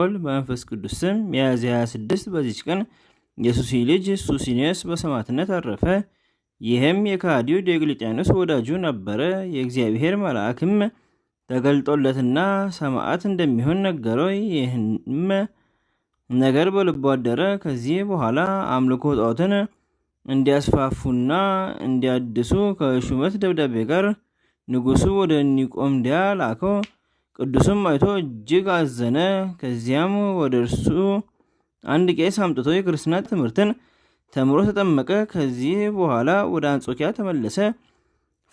ወልድ በመንፈስ ቅዱስ ስም ሚያዝያ 26 በዚች ቀን የሱሲ ልጅ ሱሲኒዮስ በሰማዕትነት አረፈ። ይህም የከሃዲው ዲዮቅልጥያኖስ ወዳጁ ነበረ። የእግዚአብሔር መልአክም ተገልጦለትና ሰማዕት እንደሚሆን ነገረው። ይህም ነገር በልቡ አደረ። ከዚህ በኋላ አምልኮ ጣዖትን እንዲያስፋፉና እንዲያድሱ ከሹመት ደብዳቤ ጋር ንጉሱ ወደ ኒቆምዲያ ላከው። ቅዱስም አይቶ እጅግ አዘነ። ከዚያም ወደ እርሱ አንድ ቄስ አምጥቶ የክርስትና ትምህርትን ተምሮ ተጠመቀ። ከዚህ በኋላ ወደ አንጾኪያ ተመለሰ።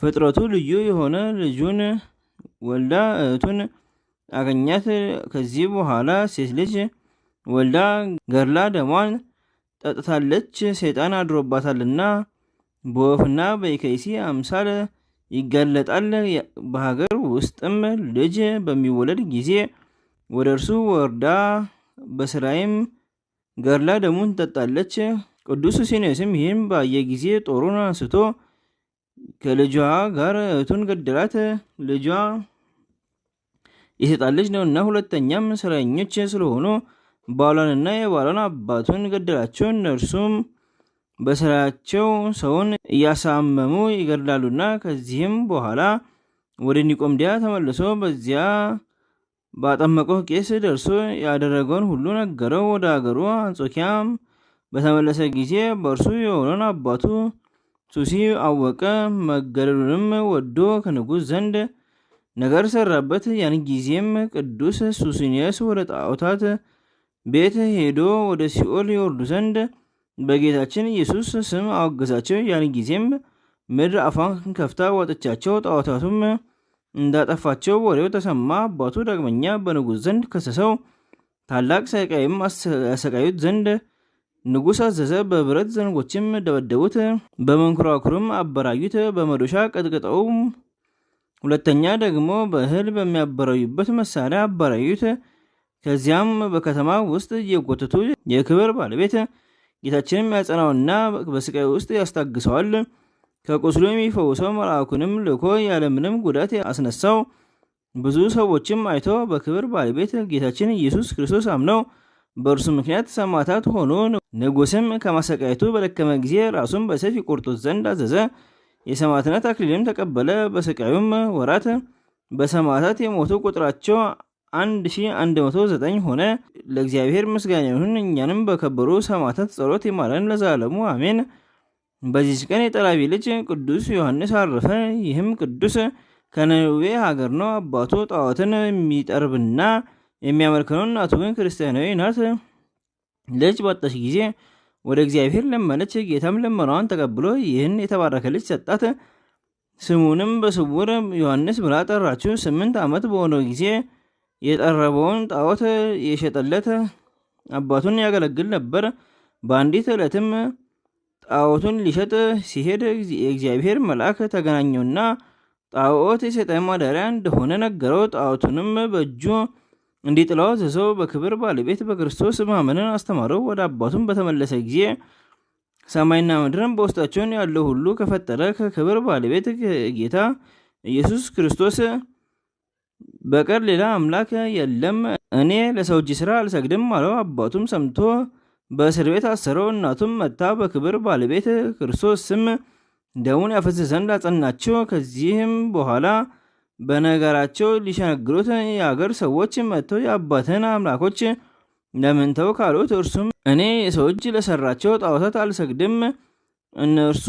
ፍጥረቱ ልዩ የሆነ ልጁን ወልዳ እህቱን አገኛት። ከዚህ በኋላ ሴት ልጅ ወልዳ ገርላ ደሟን ጠጥታለች። ሴጣን አድሮባታልና በወፍና በኢከይሲ አምሳል ይጋለጣል። በሀገር ውስጥም ልጅ በሚወለድ ጊዜ ወደ እርሱ ወርዳ በስራይም ገድላ ደሙን ትጠጣለች። ቅዱስ ሲኔስም ይህም ባየ ጊዜ ጦሩን አንስቶ ከልጇ ጋር እህቱን ገደላት። ልጇ የሰይጣን ልጅ ነውና፣ ሁለተኛም ስራኞች ስለሆኑ ባሏንና የባሏን አባቱን ገደላቸው። እነርሱም በስራቸው ሰውን እያሳመሙ ይገድላሉና ከዚህም በኋላ ወደ ኒቆምዲያ ተመልሶ በዚያ ባጠመቀው ቄስ ደርሶ ያደረገውን ሁሉ ነገረው። ወደ አገሩ አንጾኪያም በተመለሰ ጊዜ በእርሱ የሆነውን አባቱ ሱሲ አወቀ። መገደሉንም ወዶ ከንጉሥ ዘንድ ነገር ሰራበት። ያን ጊዜም ቅዱስ ሱሲኒየስ ወደ ጣዖታት ቤት ሄዶ ወደ ሲኦል ይወርዱ ዘንድ በጌታችን ኢየሱስ ስም አወገዛቸው። ያን ጊዜም ምድር አፏን ከፍታ ዋጠቻቸው፣ ጣዖታቱም እንዳጠፋቸው ወሬው ተሰማ። አባቱ ዳግመኛ በንጉሥ ዘንድ ከሰሰው፣ ታላቅ ሰቃይም ያሰቃዩት ዘንድ ንጉሥ አዘዘ። በብረት ዘንጎችም ደበደቡት፣ በመንኮራኩርም አበራዩት። በመዶሻ ቀጥቅጠው ሁለተኛ ደግሞ በእህል በሚያበራዩበት መሳሪያ አበራዩት። ከዚያም በከተማ ውስጥ የጎተቱ የክብር ባለቤት ጌታችንም ያጸናውና በስቃይ ውስጥ ያስታግሰዋል። ከቁስሉ የሚፈውሰው መልአኩንም ልኮ ያለምንም ጉዳት አስነሳው። ብዙ ሰዎችም አይቶ በክብር ባለቤት ጌታችን ኢየሱስ ክርስቶስ አምነው በእርሱ ምክንያት ሰማዕታት ሆኑ። ንጉሥም ከማሰቃየቱ በደከመ ጊዜ ራሱን በሰይፍ ይቆርጡት ዘንድ አዘዘ። የሰማዕትነት አክሊልም ተቀበለ። በስቃዩም ወራት በሰማዕታት የሞቱ ቁጥራቸው አንድ ሆነ። ለእግዚአብሔር ምስጋና ይሁን፣ እኛንም በከበሩ ሰማዕታት ጸሎት ይማረን ለዘላለሙ አሜን። በዚች ቀን የጠላቢ ልጅ ቅዱስ ዮሐንስ አረፈ። ይህም ቅዱስ ከነዌ ሀገር ነው። አባቱ ጣዖትን የሚጠርብና የሚያመልክ ነው። እናቱ ግን ክርስቲያናዊ ናት። ልጅ ባጣች ጊዜ ወደ እግዚአብሔር ለመነች። ጌታም ልመናዋን ተቀብሎ ይህን የተባረከ ልጅ ሰጣት። ስሙንም በስውር ዮሐንስ ብላ ጠራችው። ስምንት ዓመት በሆነው ጊዜ የጠረበውን ጣዖት የሸጠለት አባቱን ያገለግል ነበር። በአንዲት ዕለትም ጣዖቱን ሊሸጥ ሲሄድ የእግዚአብሔር መልአክ ተገናኘውና ጣዖት የሰይጣን ማደሪያ እንደሆነ ነገረው። ጣዖቱንም በእጁ እንዲጥለው አዘዘው። በክብር ባለቤት በክርስቶስ ማመንን አስተማረው። ወደ አባቱን በተመለሰ ጊዜ ሰማይና ምድርን በውስጣቸውን ያለው ሁሉ ከፈጠረ ከክብር ባለቤት ጌታ ኢየሱስ ክርስቶስ በቀር ሌላ አምላክ የለም፣ እኔ ለሰው እጅ ስራ አልሰግድም አለው። አባቱም ሰምቶ በእስር ቤት አሰረው። እናቱም መታ በክብር ባለቤት ክርስቶስ ስም ደሙን ያፈስ ዘንድ አጸናቸው። ከዚህም በኋላ በነገራቸው ሊሸነግሩት የአገር ሰዎች መጥተው የአባትን አምላኮች ለምን ተው ካሉት፣ እርሱም እኔ የሰው እጅ ለሰራቸው ጣዖታት አልሰግድም፣ እነርሱ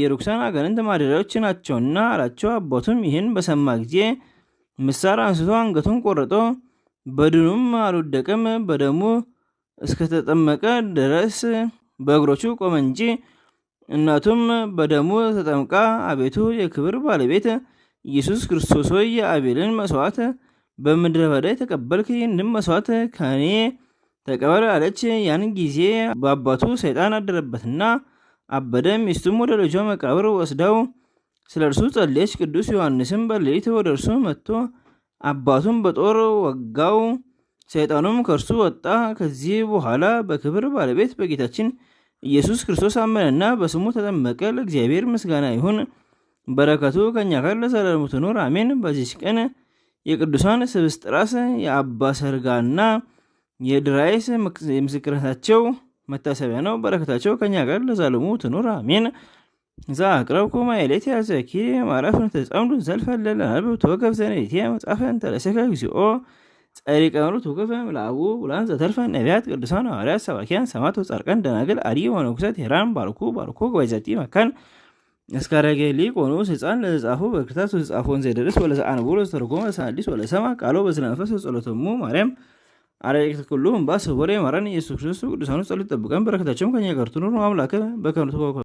የርኩሳን አጋንንት ማደሪያዎች ናቸውና አላቸው። አባቱም ይህን በሰማ ጊዜ ምሳር አንስቶ አንገቱን ቆርጦ በድኑም አልወደቀም። በደሙ እስከተጠመቀ ድረስ በእግሮቹ ቆመ እንጂ። እናቱም በደሙ ተጠምቃ አቤቱ የክብር ባለቤት ኢየሱስ ክርስቶስ ሆይ የአቤልን መስዋዕት በምድረ በዳይ ተቀበልክ፣ ይህንም መስዋዕት ከኔ ተቀበል አለች። ያን ጊዜ በአባቱ ሰይጣን አደረበትና አበደ። ሚስቱም ወደ ልጇ መቃብር ወስደው ስለ እርሱ ጸለየች። ቅዱስ ዮሐንስም በሌሊት ወደ እርሱ መጥቶ አባቱን በጦር ወጋው፣ ሰይጣኑም ከእርሱ ወጣ። ከዚህ በኋላ በክብር ባለቤት በጌታችን ኢየሱስ ክርስቶስ አመነና በስሙ ተጠመቀ። ለእግዚአብሔር ምስጋና ይሁን፣ በረከቱ ከእኛ ጋር ለዘላለሙ ትኑር አሜን። በዚች ቀን የቅዱሳን ስብስጥራስ የአባ ሰርጋና የድራይስ ምስክርነታቸው መታሰቢያ ነው። በረከታቸው ከእኛ ጋር ለዘላለሙ ትኑር አሜን። ቅረብ ኮማ የሌት ያዘ አዝኪሬ ማዕረፍን ተጸምዱ ዘልፈለለ አንብብ ትወከፍ ዘንዴትየ መጽሐፈን ተለሰከ እግዚኦ ጸሪቀ ምሩት ውክፍም ለአቡ ውላን ዘተርፈ ነቢያት ቅዱሳን ሐዋርያት ሰባኪያን ሰማዕት ወጻድቃን ደናግል አርዕዩ ወነኩሰት ሄራን ባርኩ ባርኩ ባይዛቲ መካን እስካረገ ሊቅ ሆኑ ህፃን ለዘጻፉ በክርታስ ወዘጻፎን ዘደርስ ወለዘአንብቦ ወዘተርጎመ ወዘሐዲስ ወለሰማ ቃሎ በዝነ መንፈስ ወጸሎቶሙ ማርያም አረቅት ኩሉ እምባ ስቡረ ይማረን ኢየሱስ ክርስቶስ ቅዱሳኑ ጸሎት ጠብቀን በረከታቸውም ከኛ ጋር ትኑር አምላክ በከምቱ